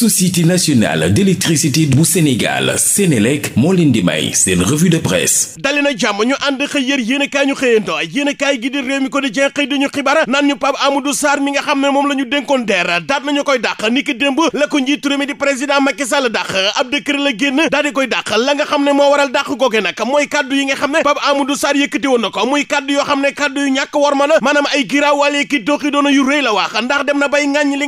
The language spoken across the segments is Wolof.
société nationale d'électricité bu Sénégal Sénélec moo leen di may seen revue de presse dali jàmm ñu ànd xëy yër yéen ñu xëyanto yéen gi di réew mi ko di jeex xëy dañu xibaar naan ñu Pape Amadou Sarr mi nga xam ne moom la ñu dénkoon deer daat nañu koy dàq ni ki démb la ko njiitu réew mi di président Macky Sall dàq ab décret la génn daal di koy dàq la nga xam ne moo waral dàq googe nag mooy kàddu yi nga xam ne Pape Amadou Sarr yëkkati woon na ko yoo xam ne kàddu yu ñàkk war ma la maanaam ay giraawaale na bay ŋàññ li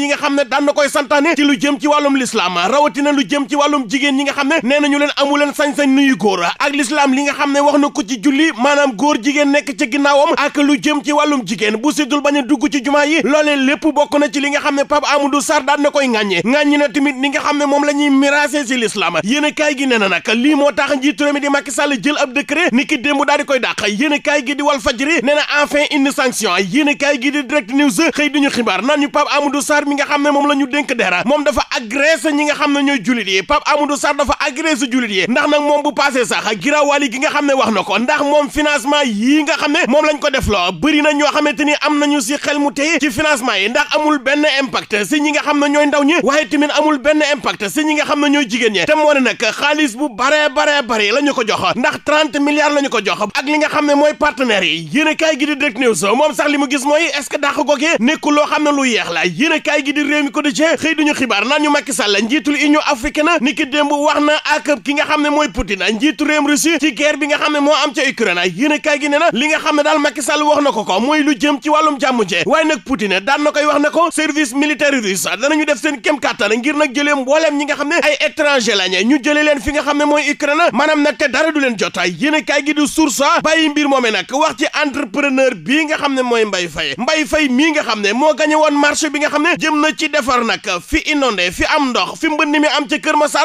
nga yi nga xam ne daan na koy santaane ci lu jëm ci wàllum lislaam rawatina lu jëm ci wàllum jigéen ñi nga xam ne nee nañu leen amu leen sañ-sañ nuyu góor ak lislaam li nga xam ne wax na ko ci julli maanaam góor jigéen nekk ci ginnaawam ak lu jëm ci wàllum jigéen bu siddul bañ a dugg ci juma yi loolee lépp bokk na ci li nga xam ne pab Amadou Sarr daan na koy ŋàññe ŋàññi na tamit ni nga xam ne moom la ñuy miraase ci lislaam yéen a kaay gi nee na nag lii moo tax njiitu réew mi di Macky Sall jël ab décret ni ki daal di koy dàq yéen gi di Walf Fadjri nee na enfin une sanction yéen kaay gi di duñu xibaar naan ñu Pape Amadou Sarr mi nga xam ne moom la ñu dénk dara moom dafa agressé ñi nga xam ne ñooy julit yi Pape Amadou Sarr dafa agressé julit yi ndax nag moom bu passé sax giraawaali gi nga xam ne wax na ko ndax moom financement yii nga xam ne moom lañ ko def loo bëri na ñoo xamante ni am nañu si xel mu tey ci financement yi ndax amul benn impact si ñi nga xam ne ñooy ndaw ñi waaye tamit amul benn impact si ñi nga xam ne ñooy jigéen ñi te moo ne nag xaalis bu bare baree bare la ñu ko jox ndax 30 milliards la ko jox ak li nga xam ne mooy partenaires yi yéen kaay gi di Direct News moom sax gis mooy est-ce que dàq googu xam ne lu yeex a kaay kaay gi di réew mi quotidien xëy duñu xibaar naan ñu Macky Sall njiitul Union africaine ni ki démb wax na ak ki nga xam ne mooy Poutine njiitu réewum Russie ci guerre bi nga xam ne moo am ca Ukraine yéen a kaay gi ne na li nga xam ne daal Macky Sall wax na ko ko mooy lu jëm ci wàllum jàmm jee waaye nag Poutine daan na koy wax ne ko service militaire russe danañu def seen kem kàttan ngir nag jëlee mbooleem ñi nga xam ne ay étranger lañu ñu jëlee leen fi nga xam ne mooy Ukraine maanaam nag te dara du leen jotaay yéen a kaay gi di source bàyyi mbir moomee nag wax ci entrepreneur bii nga xam ne mooy Mbaye Faye Mbaye Faye mii nga xam ne moo gañe woon marché bi nga xam ne jëm na ci defar nag fi inondé fi am ndox fi mbënd mi am ca Kër Masar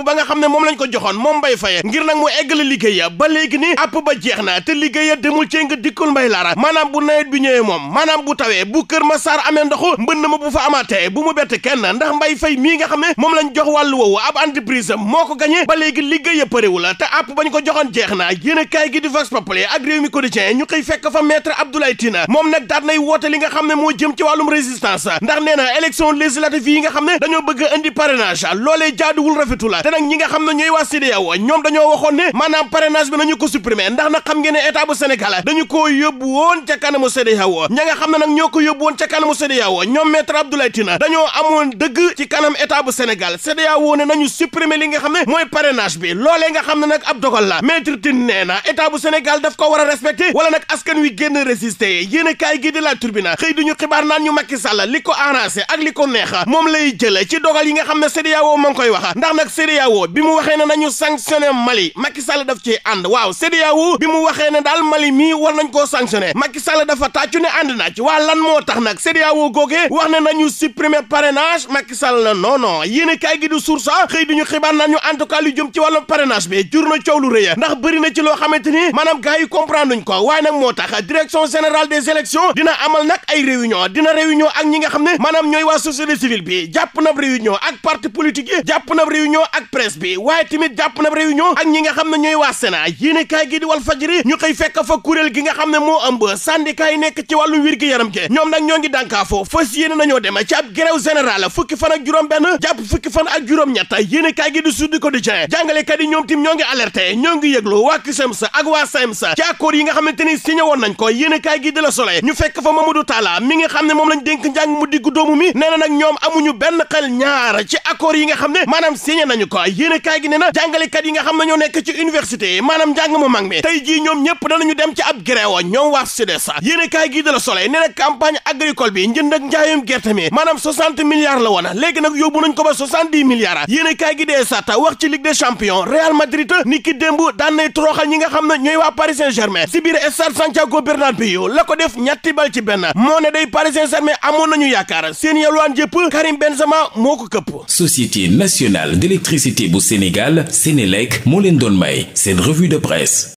ba nga xam ne moom lañ ko joxoon bu nawet bi ñëwee moom maanaam bu tawee bu Kër Masar amee ndoxu mbënd ma bu fa amaatee bu mu bett kenn ndax Mbaye Faye mii nga xam ne moom lañ jox wàllu woowu ab entreprise moo ko gañe ba léegi liggéey ya la te app bañ ko joxoon jeex na yéen a kaay gi di ak réew mi quotidien ñu koy fekk fa maître Abdoulaye Tina moom nag daat nay woote li nga xam ne moo jëm jëm ci wàllum résistance ndax nee na élection nga xam ne dañoo bëgg indi parrainage loolee jaaduwul rafetu la te ñi nga xam ne ñooy waa CEDEAO ñoom dañoo waxoon ne maanaam parrainage bi nañu ko supprimer ndax nag xam ngeen ne état dañu koo yóbbu ca kanamu CEDEAO ña ñoom maître Abdoulaye Tine dañoo amoon dëgg ci kanam état bu Sénégal CEDEAO nañu supprimer li nga xam ne mooy parrainage bi loolee nga xam ne nag ab dogal la maître a a yaakaar naan ñu Macky Sall li ko arrangé ak li ko neex moom lay jële ci dogal yi nga xam ne CEDEAO moo ngi koy wax ndax nag CEDEAO bi mu waxee ne nañu sanctionné Mali Macky Sall daf ci ànd waaw CEDEAO bi mu waxee ne daal Mali mii war nañ koo sanctionné Macky Sall dafa tàccu ne ànd naa ci waa lan moo tax nag CEDEAO googee wax ne nañu supprimer parrainage Macky Sall na non non yéen kaay gi du source xëy duñu xibaar naan ñu en tout cas lu jëm ci wàllum parrainage bi jur na coow lu rëy ndax na ci loo xamante ni maanaam gars yi comprendre ko waaye moo tax direction générale des élections dina amal nag ay réunion dina réunion ak ñi nga xam ne maanaam ñooy waa société civile bi jàpp nab réunion ak parti politique yi jàpp nab réunion nga xam ne ñooy waa sénat yéene kaay gi di fekk fa kuréel gi nga xam ne moo ëmb syndicat yi nekk ci wàllu wér gi yaram ñoo ngi dànkaafo fas yéene nañoo dem ci ab grève juróom benn jàpp fukki ñett yéene kaay gi di suddi ko di jen ñoo ngi yi nga xamante ni signé woon nañ ko yéene kaay gi di la sole ñu fekk fa Mamadou Talla mi nga xam ne moom lañ dénk njàng mu diggu doomu mi nee na nag ñoom amuñu benn xel ñaar ci accord yi nga xam ne maanaam signé nañu ko yéen i kaay gi nee na jàngalekat yi nga xam ne ñoom ñëpp danañu dem ci ab i kaay gi de la Soleil nee na bi njënd njaayum gerte mi maanaam 60 la woon léegi nag yóbbu nañ ko ba 70 milliards yéen i kaay gi wax ci Ligue des champions Real Madrid ni ki démb daan nay toroxal ñi nga xam ne ñooy waa Paris Saint-Germain si biir stade Santiago des armées amoon nañu yaakaar seen yalwaan jëpp Karim Benzema moo ko këpp. Société nationale d'électricité bu Sénégal Sénélec moo leen doon may seen revue de presse.